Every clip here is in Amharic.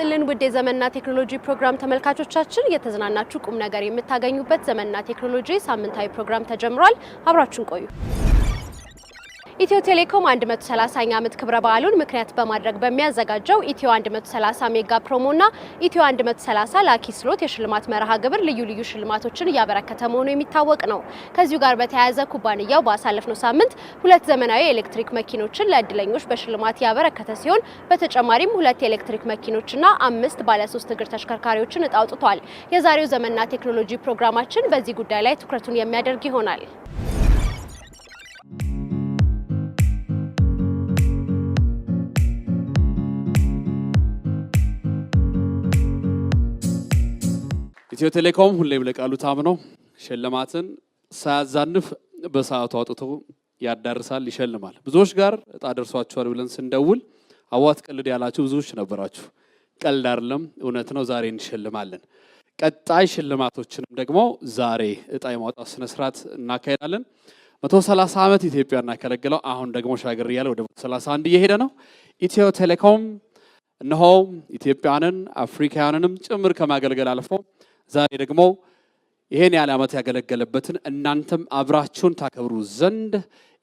ይስጥልን ውድ የዘመንና ቴክኖሎጂ ፕሮግራም ተመልካቾቻችን፣ እየተዝናናችሁ ቁም ነገር የምታገኙበት ዘመንና ቴክኖሎጂ ሳምንታዊ ፕሮግራም ተጀምሯል። አብራችሁን ቆዩ። ኢትዮ ቴሌኮም 130ኛ ዓመት ክብረ በዓሉን ምክንያት በማድረግ በሚያዘጋጀው ኢትዮ 130 ሜጋ ፕሮሞና ኢትዮ 130 ላኪ ስሎት የሽልማት መርሃ ግብር ልዩ ልዩ ሽልማቶችን እያበረከተ መሆኑ የሚታወቅ ነው። ከዚሁ ጋር በተያያዘ ኩባንያው ባሳለፍነው ሳምንት ሁለት ዘመናዊ የኤሌክትሪክ መኪኖችን ለእድለኞች በሽልማት ያበረከተ ሲሆን በተጨማሪም ሁለት የኤሌክትሪክ መኪኖችና አምስት ባለሶስት እግር ተሽከርካሪዎችን እጣ አውጥቷል። የዛሬው ዘመንና ቴክኖሎጂ ፕሮግራማችን በዚህ ጉዳይ ላይ ትኩረቱን የሚያደርግ ይሆናል። ኢትዮ ቴሌኮም ሁሌም ለቃሉ ታምኖ ሽልማትን ሳያዛንፍ በሰዓቱ አውጥቶ ያዳርሳል፣ ይሸልማል። ብዙዎች ጋር እጣ ደርሷችኋል ብለን ስንደውል አዋት ቀልድ ያላችሁ ብዙዎች ነበራችሁ። ቀልድ አይደለም፣ እውነት ነው። ዛሬ እንሸልማለን። ቀጣይ ሽልማቶችንም ደግሞ ዛሬ እጣ የማውጣት ስነስርዓት እናካሄዳለን። መቶ ሰላሳ ዓመት ኢትዮጵያ እናከለግለው አሁን ደግሞ ሻገር እያለ ወደ መቶ ሰላሳ አንድ እየሄደ ነው። ኢትዮ ቴሌኮም እነሆ ኢትዮጵያንን አፍሪካውያንንም ጭምር ከማገልገል አልፎ ዛሬ ደግሞ ይሄን ያህል ዓመት ያገለገለበትን እናንተም አብራችሁን ታከብሩ ዘንድ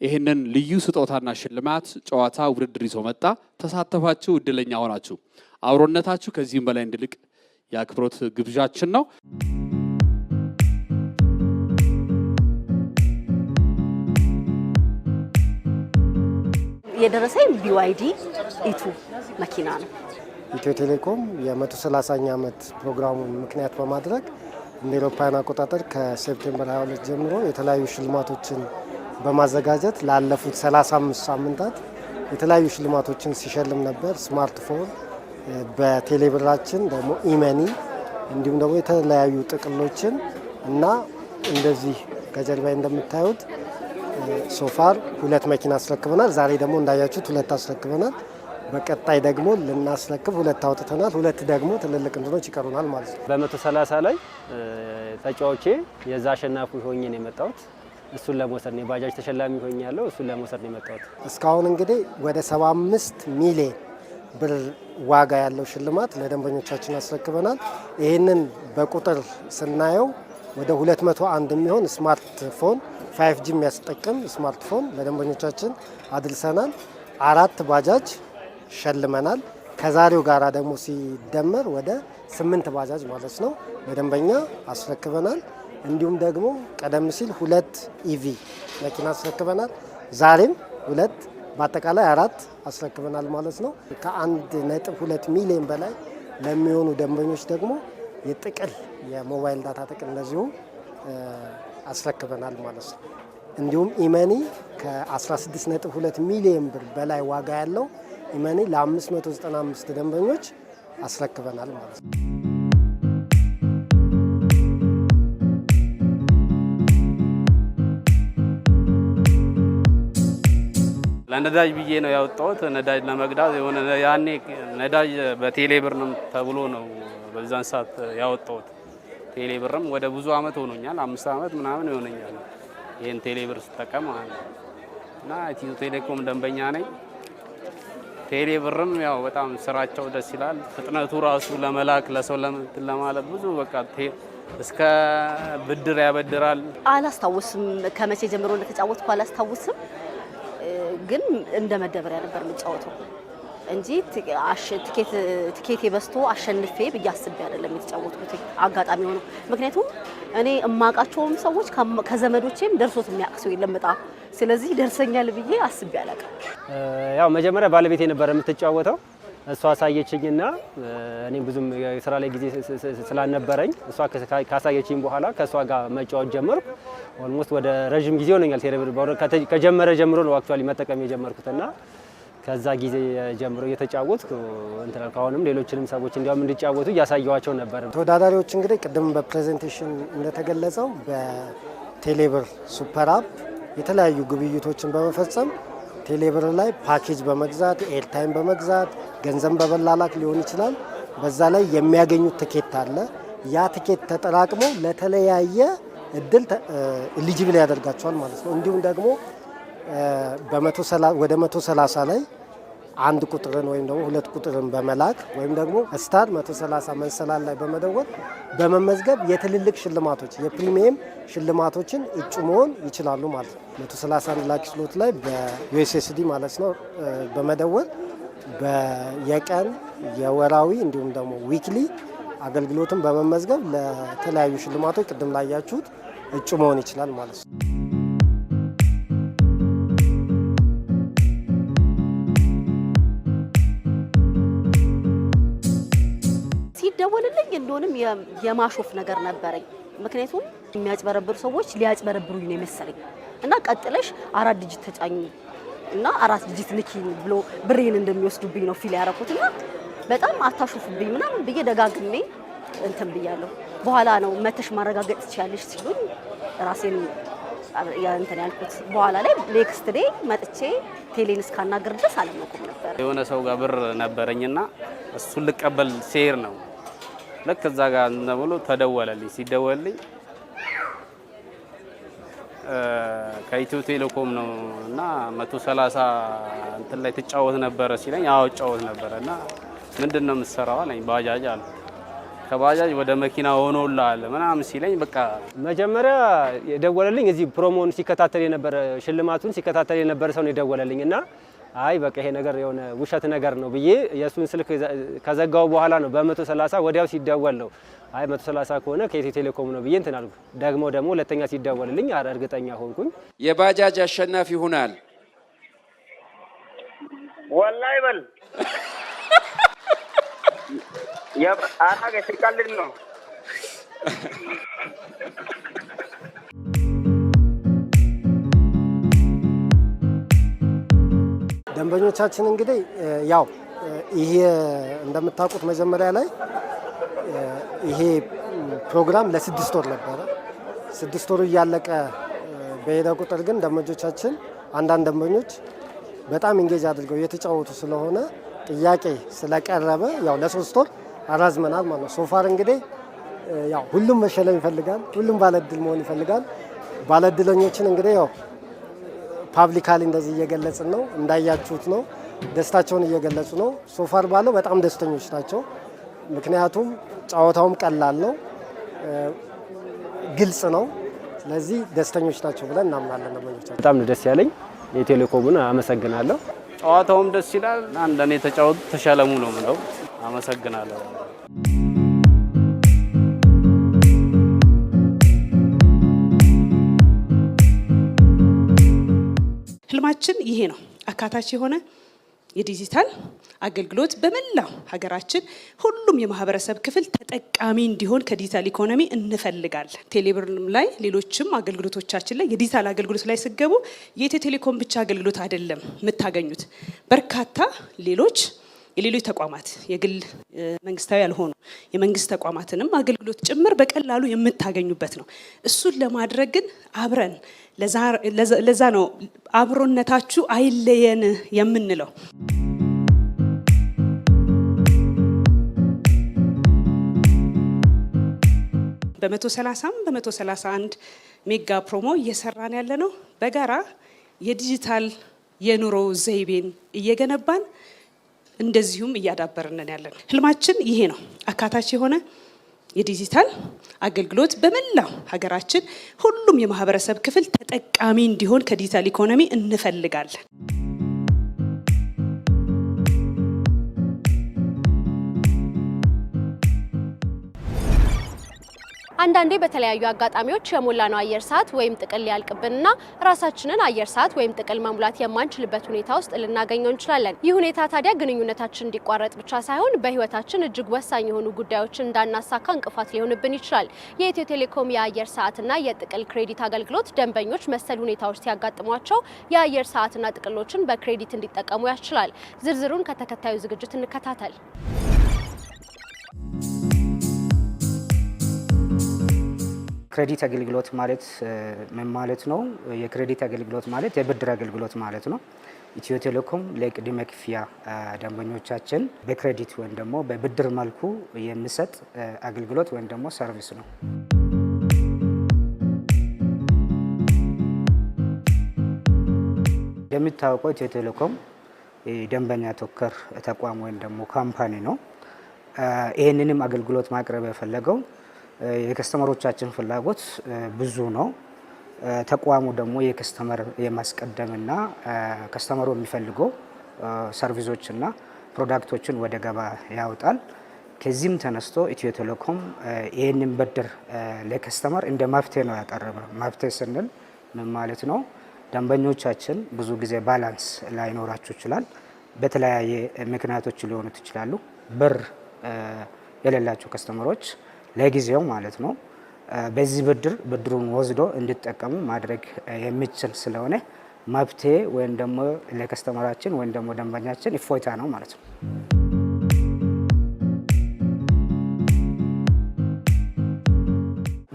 ይህንን ልዩ ስጦታና ሽልማት ጨዋታ ውድድር ይዞ መጣ። ተሳተፋችሁ፣ እድለኛ ሆናችሁ። አብሮነታችሁ ከዚህም በላይ እንድልቅ የአክብሮት ግብዣችን ነው። የደረሰኝ ቢዋይዲ ኢቱ መኪና ነው። ኢትዮ ቴሌኮም የ130ኛ ዓመት ፕሮግራሙን ምክንያት በማድረግ እንደ ኤሮፓውያን አቆጣጠር ከሴፕቴምበር 22 ጀምሮ የተለያዩ ሽልማቶችን በማዘጋጀት ላለፉት 35 ሳምንታት የተለያዩ ሽልማቶችን ሲሸልም ነበር። ስማርትፎን በቴሌብራችን ደግሞ ኢመኒ እንዲሁም ደግሞ የተለያዩ ጥቅሎችን እና እንደዚህ ከጀርባ እንደምታዩት ሶፋር ሁለት መኪና አስረክበናል። ዛሬ ደግሞ እንዳያችሁት ሁለት አስረክበናል። በቀጣይ ደግሞ ልናስረክብ ሁለት አውጥተናል። ሁለት ደግሞ ትልልቅ እንትኖች ይቀሩናል ማለት ነው። በመቶ ሰላሳ ላይ ተጫዋቼ የዛ አሸናፊ ሆኜ ነው የመጣሁት። እሱን ለመውሰድ ነው የባጃጅ ተሸላሚ ሆኜ ያለው እሱን ለመውሰድ ነው የመጣሁት። እስካሁን እንግዲህ ወደ 75 ሚሊዮን ብር ዋጋ ያለው ሽልማት ለደንበኞቻችን አስረክበናል። ይህንን በቁጥር ስናየው ወደ 201 የሚሆን ስማርትፎን 5 ጂ የሚያስጠቅም ስማርትፎን ለደንበኞቻችን አድልሰናል። አራት ባጃጅ ሸልመናል። ከዛሬው ጋራ ደግሞ ሲደመር ወደ ስምንት ባጃጅ ማለት ነው ለደንበኛ አስረክበናል። እንዲሁም ደግሞ ቀደም ሲል ሁለት ኢቪ መኪና አስረክበናል። ዛሬም ሁለት በአጠቃላይ አራት አስረክበናል ማለት ነው። ከአንድ ነጥብ ሁለት ሚሊዮን በላይ ለሚሆኑ ደንበኞች ደግሞ የጥቅል የሞባይል ዳታ ጥቅል እንደዚሁ አስረክበናል ማለት ነው። እንዲሁም ኢመኒ ከ16.2 ሚሊዮን ብር በላይ ዋጋ ያለው ኢመኒ ለ595 ደንበኞች አስረክበናል ማለት ነው። ለነዳጅ ብዬ ነው ያወጣሁት። ነዳጅ ለመግዳት የሆነ ያኔ ነዳጅ በቴሌ ብር ተብሎ ነው በዛን ሰዓት ያወጣሁት። ቴሌ ብርም ወደ ብዙ አመት ሆኖኛል፣ አምስት አመት ምናምን ይሆነኛል ይህን ቴሌ ብር ስጠቀም እና ኢትዮ ቴሌኮም ደንበኛ ነኝ። ቴሌ ብርም ያው በጣም ስራቸው ደስ ይላል። ፍጥነቱ ራሱ ለመላክ ለሰው ለምትን ለማለት ብዙ በቃ እስከ ብድር ያበድራል። አላስታውስም ከመቼ ጀምሮ እንደተጫወትኩ አላስታውስም፣ ግን እንደ መደበሪያ ነበር የምጫወተው። እንጂ ትኬቴ በዝቶ አሸንፌ ብዬ አስቤ አይደለም የተጫወትኩት። አጋጣሚ ሆኖ ምክንያቱም እኔ እማውቃቸውም ሰዎች ከዘመዶቼም ደርሶት የሚያውቅ ሰው የለም እጣ። ስለዚህ ደርሰኛል ብዬ አስቤ አላውቅም። ያው መጀመሪያ ባለቤቴ ነበረ የምትጫወተው እሷ አሳየችኝና እኔ ብዙም የስራ ላይ ጊዜ ስላልነበረኝ እሷ ካሳየችኝ በኋላ ከእሷ ጋር መጫወት ጀመርኩ። ኦልሞስት ወደ ረዥም ጊዜ ሆነኛል። ከጀመረ ጀምሮ ነው አክቹዋሊ መጠቀም የጀመርኩትና ከዛ ጊዜ ጀምሮ እየተጫወት እንትናል። አሁንም ሌሎችንም ሰዎች እንዲያውም እንዲጫወቱ እያሳየዋቸው ነበር። ተወዳዳሪዎች እንግዲህ ቅድም በፕሬዘንቴሽን እንደተገለጸው በቴሌብር ሱፐር አፕ የተለያዩ ግብይቶችን በመፈጸም ቴሌብር ላይ ፓኬጅ በመግዛት ኤርታይም በመግዛት ገንዘብ በበላላክ ሊሆን ይችላል። በዛ ላይ የሚያገኙት ትኬት አለ። ያ ትኬት ተጠራቅሞ ለተለያየ እድል ኤሊጂብል ያደርጋቸዋል ማለት ነው። እንዲሁም ደግሞ ወደ 130 ላይ አንድ ቁጥርን ወይም ደግሞ ሁለት ቁጥርን በመላክ ወይም ደግሞ ስታር 130 መንሰላል ላይ በመደወል በመመዝገብ የትልልቅ ሽልማቶች የፕሪሚየም ሽልማቶችን እጩ መሆን ይችላሉ ማለት ነው። 131 ላኪ ስሎት ላይ በዩኤስኤስዲ ማለት ነው በመደወል የቀን የወራዊ እንዲሁም ደግሞ ዊክሊ አገልግሎትን በመመዝገብ ለተለያዩ ሽልማቶች ቅድም ላያችሁት እጩ መሆን ይችላል ማለት ነው። ሲደወልልኝ እንደሆንም የማሾፍ ነገር ነበረኝ። ምክንያቱም የሚያጭበረብሩ ሰዎች ሊያጭበረብሩኝ ነው የመሰለኝ እና ቀጥለሽ አራት ድጅት ተጫኝ እና አራት ድጅት ንኪ ብሎ ብሬን እንደሚወስዱብኝ ነው ፊል ያደረኩት እና በጣም አታሾፍብኝ ምናምን ብዬ ደጋግሜ እንትን ብያለሁ። በኋላ ነው መተሽ ማረጋገጥ ትችያለሽ ሲሉኝ ራሴን እንትን ያልኩት። በኋላ ላይ ኔክስት ዴይ መጥቼ ቴሌን እስካናገር ድረስ አለመቁም ነበር። የሆነ ሰው ጋር ብር ነበረኝና እሱን ልቀበል ሴር ነው ልክ እዛ ጋር እንትን ተደወለልኝ። ሲደወልልኝ ከኢትዮ ቴሌኮም ነው እና መቶ ሰላሳ እንትን ላይ ትጫወት ነበረ ሲለኝ፣ አዎ እጫወት ነበረ እና ምንድን ነው የምትሰራው አለኝ። ባጃጅ አለ ከባጃጅ ወደ መኪና ሆኖልሃል ምናምን ሲለኝ፣ በቃ መጀመሪያ የደወለልኝ እዚህ ፕሮሞን ሲከታተል የነበረ ሽልማቱን ሲከታተል የነበረ ሰው ነው የደወለልኝ እና አይ በቃ ይሄ ነገር የሆነ ውሸት ነገር ነው ብዬ የእሱን ስልክ ከዘጋው በኋላ ነው በ130 ወዲያው ሲደወል ነው አይ 130 ከሆነ ከኢትዮ ቴሌኮም ነው ብዬ እንትን አልኩ። ደግሞ ደግሞ ሁለተኛ ሲደወልልኝ እርግጠኛ ሆንኩኝ። የባጃጅ አሸናፊ ይሆናል ወላሂ በል ሲቀልድ ነው ደንበኞቻችን እንግዲህ ያው ይሄ እንደምታውቁት መጀመሪያ ላይ ይሄ ፕሮግራም ለስድስት ወር ነበረ። ስድስት ወሩ እያለቀ በሄደ ቁጥር ግን ደንበኞቻችን አንዳንድ ደንበኞች በጣም ኢንጌጅ አድርገው የተጫወቱ ስለሆነ ጥያቄ ስለቀረበ ያው ለሶስት ወር አራዝመናል ማለት ነው። ሶፋር እንግዲህ ያው ሁሉም መሸለም ይፈልጋል። ሁሉም ባለድል መሆን ይፈልጋል። ባለድለኞችን እንግዲህ ያው ፓብሊካሊ እንደዚህ እየገለጽን ነው። እንዳያችሁት ነው፣ ደስታቸውን እየገለጹ ነው። ሶፋር ባለው በጣም ደስተኞች ናቸው። ምክንያቱም ጨዋታውም ቀላል ነው፣ ግልጽ ነው። ስለዚህ ደስተኞች ናቸው ብለን እናምናለን። ደንበኞቻችን በጣም ደስ ያለኝ የቴሌኮሙን አመሰግናለሁ። ጨዋታውም ደስ ይላል። አንዳንድ የተጫወቱ ተሸለሙ ነው ምለው። አመሰግናለሁ። አላማችን ይሄ ነው። አካታች የሆነ የዲጂታል አገልግሎት በመላው ሀገራችን ሁሉም የማህበረሰብ ክፍል ተጠቃሚ እንዲሆን ከዲጂታል ኢኮኖሚ እንፈልጋለን። ቴሌብርም ላይ ሌሎችም አገልግሎቶቻችን ላይ የዲጂታል አገልግሎት ላይ ስገቡ የኢትዮ ቴሌኮም ብቻ አገልግሎት አይደለም የምታገኙት በርካታ ሌሎች የሌሎች ተቋማት የግል መንግስታዊ ያልሆኑ የመንግስት ተቋማትንም አገልግሎት ጭምር በቀላሉ የምታገኙበት ነው። እሱን ለማድረግ ግን አብረን ለዛ ነው አብሮነታችሁ አይለየን የምንለው። በመቶ ሰላሳም በመቶ ሰላሳ አንድ ሜጋ ፕሮሞ እየሰራን ያለ ነው። በጋራ የዲጂታል የኑሮ ዘይቤን እየገነባን እንደዚሁም እያዳበርንን ያለን ህልማችን ይሄ ነው። አካታች የሆነ የዲጂታል አገልግሎት በመላው ሀገራችን ሁሉም የማህበረሰብ ክፍል ተጠቃሚ እንዲሆን ከዲጂታል ኢኮኖሚ እንፈልጋለን። አንዳንዴ በተለያዩ አጋጣሚዎች የሞላነው አየር ሰዓት ወይም ጥቅል ሊያልቅብንና ራሳችንን አየር ሰዓት ወይም ጥቅል መሙላት የማንችልበት ሁኔታ ውስጥ ልናገኘው እንችላለን። ይህ ሁኔታ ታዲያ ግንኙነታችን እንዲቋረጥ ብቻ ሳይሆን በህይወታችን እጅግ ወሳኝ የሆኑ ጉዳዮችን እንዳናሳካ እንቅፋት ሊሆንብን ይችላል። የኢትዮ ቴሌኮም የአየር ሰዓትና የጥቅል ክሬዲት አገልግሎት ደንበኞች መሰል ሁኔታዎች ሲያጋጥሟቸው የአየር ሰዓትና ጥቅሎችን በክሬዲት እንዲጠቀሙ ያስችላል። ዝርዝሩን ከተከታዩ ዝግጅት እንከታተል። ክሬዲት አገልግሎት ማለት ምን ማለት ነው? የክሬዲት አገልግሎት ማለት የብድር አገልግሎት ማለት ነው። ኢትዮ ቴሌኮም ለቅድመ ክፍያ ደንበኞቻችን በክሬዲት ወይም ደግሞ በብድር መልኩ የሚሰጥ አገልግሎት ወይም ደግሞ ሰርቪስ ነው። እንደሚታወቀው ኢትዮ ቴሌኮም ደንበኛ ተኮር ተቋም ወይም ደግሞ ካምፓኒ ነው። ይህንንም አገልግሎት ማቅረብ የፈለገው የከስተመሮቻችን ፍላጎት ብዙ ነው። ተቋሙ ደግሞ የከስተመር የማስቀደምና ከስተመሩ የሚፈልገው ሰርቪሶችና ፕሮዳክቶችን ወደ ገባ ያወጣል። ከዚህም ተነስቶ ኢትዮ ቴሌኮም ይህንን ብድር ለከስተመር እንደ መፍትሄ ነው ያቀረበ መፍትሄ ስንል ምን ማለት ነው? ደንበኞቻችን ብዙ ጊዜ ባላንስ ላይኖራቸው ይችላል። በተለያየ ምክንያቶች ሊሆኑት ይችላሉ። ብር የሌላቸው ከስተመሮች ለጊዜው ማለት ነው። በዚህ ብድር ብድሩን ወስዶ እንዲጠቀሙ ማድረግ የሚችል ስለሆነ መብቴ ወይም ደግሞ ለከስተመራችን ወይም ደግሞ ደንበኛችን እፎይታ ነው ማለት ነው።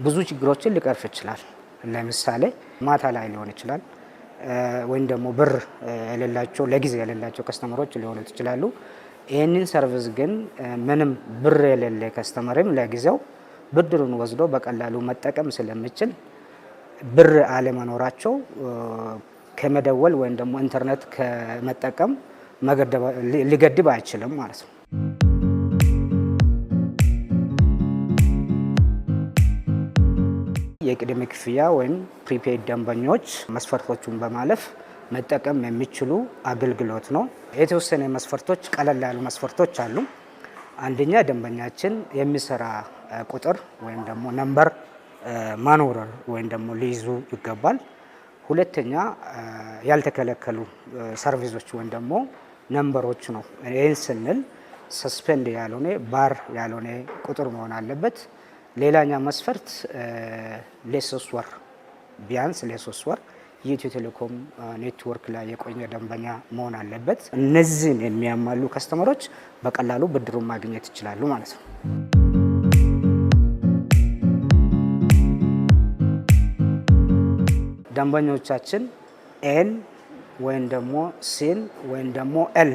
ብዙ ችግሮችን ሊቀርፍ ይችላል። ለምሳሌ ማታ ላይ ሊሆን ይችላል ወይም ደግሞ ብር የሌላቸው ለጊዜ የሌላቸው ከስተመሮች ሊሆኑ ይችላሉ። ይህንን ሰርቪስ ግን ምንም ብር የሌለ ከስተመርም ለጊዜው ብድሩን ወስዶ በቀላሉ መጠቀም ስለምችል ብር አለመኖራቸው ከመደወል ወይም ደግሞ ኢንተርኔት ከመጠቀም ሊገድብ አይችልም ማለት ነው። የቅድመ ክፍያ ወይም ፕሪፔድ ደንበኞች መስፈርቶቹን በማለፍ መጠቀም የሚችሉ አገልግሎት ነው። የተወሰነ መስፈርቶች፣ ቀለል ያሉ መስፈርቶች አሉ። አንደኛ ደንበኛችን የሚሰራ ቁጥር ወይም ደግሞ ነምበር ማኖር ወይም ደግሞ ሊይዙ ይገባል። ሁለተኛ ያልተከለከሉ ሰርቪሶች ወይም ደግሞ ነምበሮች ነው። ይህን ስንል ሰስፔንድ ያልሆነ ባር ያልሆነ ቁጥር መሆን አለበት። ሌላኛ መስፈርት ለሶስት ወር ቢያንስ ለሶስት ወር የኢትዮ ቴሌኮም ኔትወርክ ላይ የቆየ ደንበኛ መሆን አለበት። እነዚህን የሚያሟሉ ከስተመሮች በቀላሉ ብድሩን ማግኘት ይችላሉ ማለት ነው። ደንበኞቻችን ኤን ወይም ደግሞ ሲን ወይም ደግሞ ኤል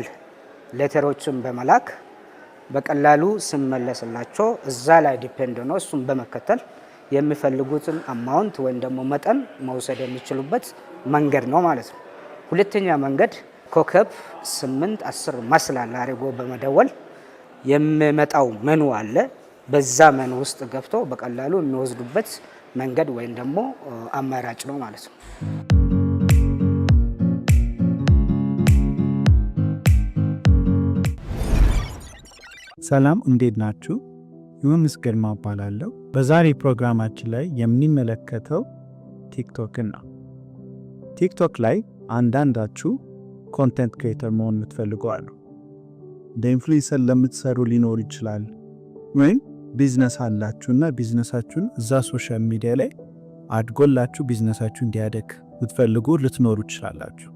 ሌተሮችን በመላክ በቀላሉ ስመለስላቸው እዛ ላይ ዲፔንድ ነው እሱን በመከተል የሚፈልጉትን አማውንት ወይም ደግሞ መጠን መውሰድ የሚችሉበት መንገድ ነው ማለት ነው። ሁለተኛ መንገድ ኮከብ ስምንት አስር ማስላል አድርጎ በመደወል የሚመጣው መኑ አለ። በዛ መኑ ውስጥ ገብቶ በቀላሉ የሚወስዱበት መንገድ ወይም ደግሞ አማራጭ ነው ማለት ነው። ሰላም እንዴት ናችሁ? ዮሐንስ ግርማ እባላለሁ። በዛሬ ፕሮግራማችን ላይ የምንመለከተው ቲክቶክን ነው። ቲክቶክ ላይ አንዳንዳችሁ ኮንቴንት ክሬተር መሆን የምትፈልጉ አሉ። እንደ ኢንፍሉዌንሰር ለምትሰሩ ሊኖር ይችላል። ወይም ቢዝነስ አላችሁና ቢዝነሳችሁን እዛ ሶሻል ሚዲያ ላይ አድጎላችሁ ቢዝነሳችሁ እንዲያደግ የምትፈልጉ ልትኖሩ ይችላላችሁ።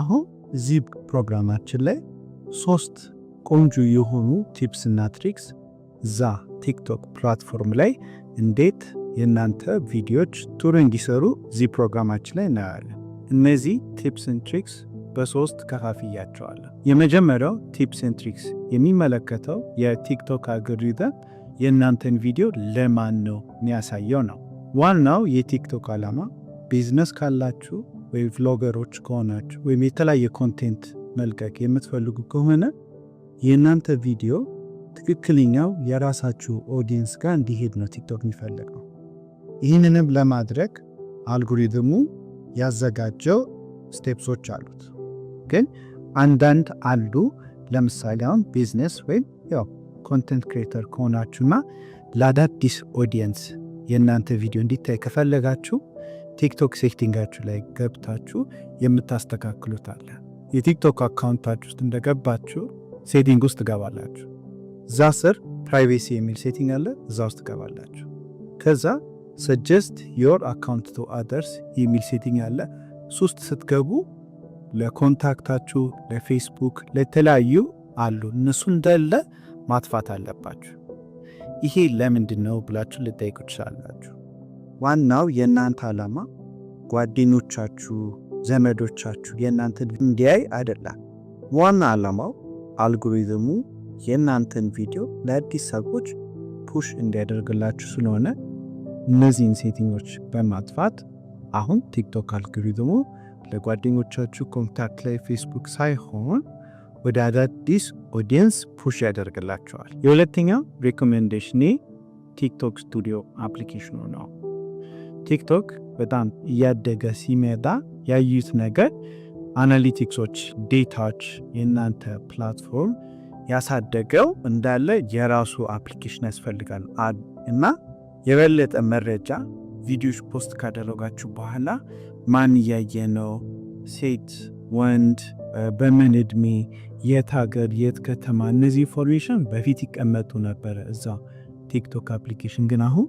አሁን እዚህ ፕሮግራማችን ላይ ሶስት ቆንጆ የሆኑ ቲፕስ እና ትሪክስ እዛ ቲክቶክ ፕላትፎርም ላይ እንዴት የእናንተ ቪዲዮዎች ቱር እንዲሰሩ እዚህ ፕሮግራማችን ላይ እናያለን። እነዚህ ቲፕስን ትሪክስ በሶስት ከፋፍያቸዋለሁ። የመጀመሪያው ቲፕስን ትሪክስ የሚመለከተው የቲክቶክ አልጎሪዘም የእናንተን ቪዲዮ ለማን ነው የሚያሳየው ነው። ዋናው የቲክቶክ ዓላማ ቢዝነስ ካላችሁ ወይ ቭሎገሮች ከሆናችሁ ወይም የተለያየ ኮንቴንት መልቀቅ የምትፈልጉ ከሆነ የእናንተ ቪዲዮ ትክክለኛው የራሳችሁ ኦዲየንስ ጋር እንዲሄድ ነው ቲክቶክ የሚፈልገው። ይህንንም ለማድረግ አልጎሪትሙ ያዘጋጀው ስቴፕሶች አሉት። ግን አንዳንድ አሉ። ለምሳሌ አሁን ቢዝነስ ወይም ያው ኮንተንት ክሬተር ከሆናችሁና ለአዳዲስ ኦዲየንስ የእናንተ ቪዲዮ እንዲታይ ከፈለጋችሁ ቲክቶክ ሴቲንጋችሁ ላይ ገብታችሁ የምታስተካክሉት አለ። የቲክቶክ አካውንታችሁ ውስጥ እንደገባችሁ ሴቲንግ ውስጥ ትገባላችሁ። እዛ ስር ፕራይቬሲ የሚል ሴቲንግ አለ። እዛ ውስጥ ትገባላችሁ። ከዛ ሰጀስት ዮር አካውንት ቱ አደርስ የሚል ሴቲንግ አለ። እሱ ውስጥ ስትገቡ ለኮንታክታችሁ፣ ለፌስቡክ፣ ለተለያዩ አሉ እነሱ እንዳለ ማጥፋት አለባችሁ። ይሄ ለምንድን ነው ብላችሁ ልጠይቁ ትችላላችሁ። ዋናው የእናንተ ዓላማ ጓደኞቻችሁ፣ ዘመዶቻችሁ የእናንተን እንዲያይ አይደለም። ዋና ዓላማው አልጎሪዝሙ የእናንተን ቪዲዮ ለአዲስ ሰዎች ፑሽ እንዲያደርግላችሁ ስለሆነ እነዚህን ሴቲንጎች በማጥፋት አሁን ቲክቶክ አልጎሪዝሙ ለጓደኞቻችሁ ኮንታክት ላይ ፌስቡክ ሳይሆን ወደ አዳዲስ ኦዲየንስ ፑሽ ያደርግላቸዋል። የሁለተኛው ሬኮሜንዴሽን ቲክቶክ ስቱዲዮ አፕሊኬሽኑ ነው። ቲክቶክ በጣም እያደገ ሲመጣ ያዩት ነገር አናሊቲክሶች፣ ዴታዎች የእናንተ ፕላትፎርም ያሳደገው እንዳለ የራሱ አፕሊኬሽን ያስፈልጋል እና የበለጠ መረጃ ቪዲዮች ፖስት ካደረጋችሁ በኋላ ማን እያየ ነው፣ ሴት ወንድ፣ በምን እድሜ፣ የት ሀገር፣ የት ከተማ፣ እነዚህ ኢንፎርሜሽን በፊት ይቀመጡ ነበረ እዛ ቲክቶክ አፕሊኬሽን። ግን አሁን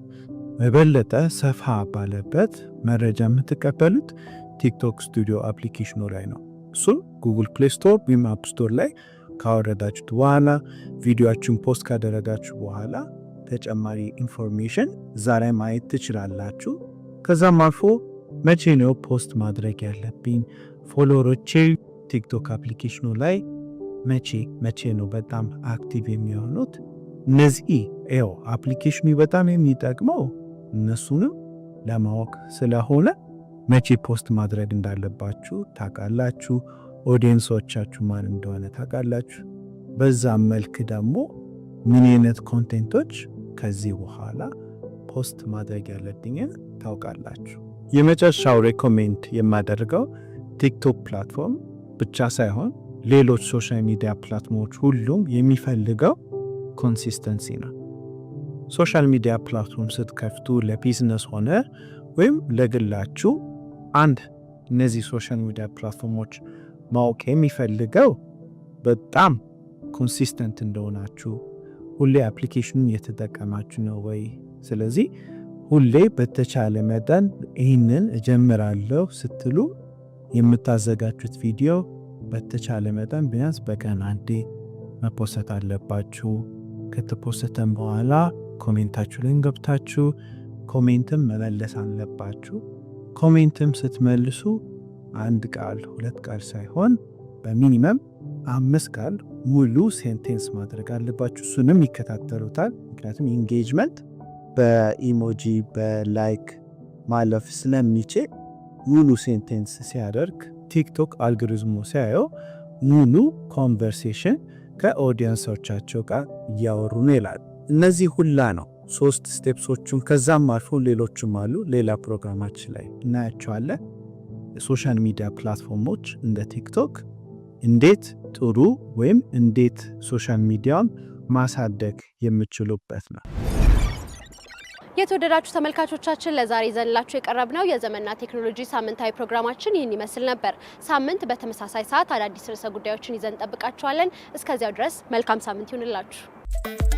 በበለጠ ሰፋ ባለበት መረጃ የምትቀበሉት ቲክቶክ ስቱዲዮ አፕሊኬሽኑ ላይ ነው። እሱም ጉግል ፕሌይ ስቶር ወይም አፕ ስቶር ላይ ካወረዳችሁት በኋላ ቪዲዮችን ፖስት ካደረጋችሁ በኋላ ተጨማሪ ኢንፎርሜሽን እዛ ላይ ማየት ትችላላችሁ። ከዛም አልፎ መቼ ነው ፖስት ማድረግ ያለብኝ፣ ፎሎወሮቼ ቲክቶክ አፕሊኬሽኑ ላይ መቼ መቼ ነው በጣም አክቲቭ የሚሆኑት፣ እነዚህ ው አፕሊኬሽኑ በጣም የሚጠቅመው እነሱንም ለማወቅ ስለሆነ መቼ ፖስት ማድረግ እንዳለባችሁ ታውቃላችሁ። ኦዲየንሶቻችሁ ማን እንደሆነ ታውቃላችሁ። በዛም መልክ ደግሞ ምን አይነት ኮንቴንቶች ከዚህ በኋላ ፖስት ማድረግ ያለብኝን ታውቃላችሁ። የመጨረሻው ሬኮሜንድ የማደርገው ቲክቶክ ፕላትፎርም ብቻ ሳይሆን ሌሎች ሶሻል ሚዲያ ፕላትፎርሞች ሁሉም የሚፈልገው ኮንሲስተንሲ ነው። ሶሻል ሚዲያ ፕላትፎርም ስትከፍቱ ለቢዝነስ ሆነ ወይም ለግላችሁ አንድ እነዚህ ሶሻል ሚዲያ ፕላትፎርሞች ማወቅ የሚፈልገው በጣም ኮንሲስተንት እንደሆናችሁ ሁሌ አፕሊኬሽኑን እየተጠቀማችሁ ነው ወይ? ስለዚህ ሁሌ በተቻለ መጠን ይህንን እጀምራለሁ ስትሉ የምታዘጋጁት ቪዲዮ በተቻለ መጠን ቢያንስ በቀን አንዴ መፖሰት አለባችሁ። ከተፖሰተን በኋላ ኮሜንታችሁ ላይ ገብታችሁ ኮሜንትም መመለስ አለባችሁ። ኮሜንትም ስትመልሱ አንድ ቃል ሁለት ቃል ሳይሆን በሚኒመም አምስት ቃል ሙሉ ሴንቴንስ ማድረግ አለባችሁ። እሱንም ይከታተሉታል። ምክንያቱም ኢንጌጅመንት በኢሞጂ በላይክ ማለፍ ስለሚችል ሙሉ ሴንቴንስ ሲያደርግ ቲክቶክ አልጎሪዝሙ ሲያየው ሙሉ ኮንቨርሴሽን ከኦዲየንሶቻቸው ጋር እያወሩ ነው ይላል። እነዚህ ሁላ ነው ሶስት ስቴፕሶቹን። ከዛም አልፎ ሌሎችም አሉ። ሌላ ፕሮግራማችን ላይ እናያቸዋለን። ሶሻል ሚዲያ ፕላትፎርሞች እንደ ቲክቶክ እንዴት ጥሩ ወይም እንዴት ሶሻል ሚዲያውን ማሳደግ የምችሉበት ነው። የተወደዳችሁ ተመልካቾቻችን ለዛሬ ይዘንላችሁ የቀረብነው የዘመንና ቴክኖሎጂ ሳምንታዊ ፕሮግራማችን ይህን ይመስል ነበር። ሳምንት በተመሳሳይ ሰዓት አዳዲስ ርዕሰ ጉዳዮችን ይዘን እንጠብቃችኋለን። እስከዚያው ድረስ መልካም ሳምንት ይሁንላችሁ።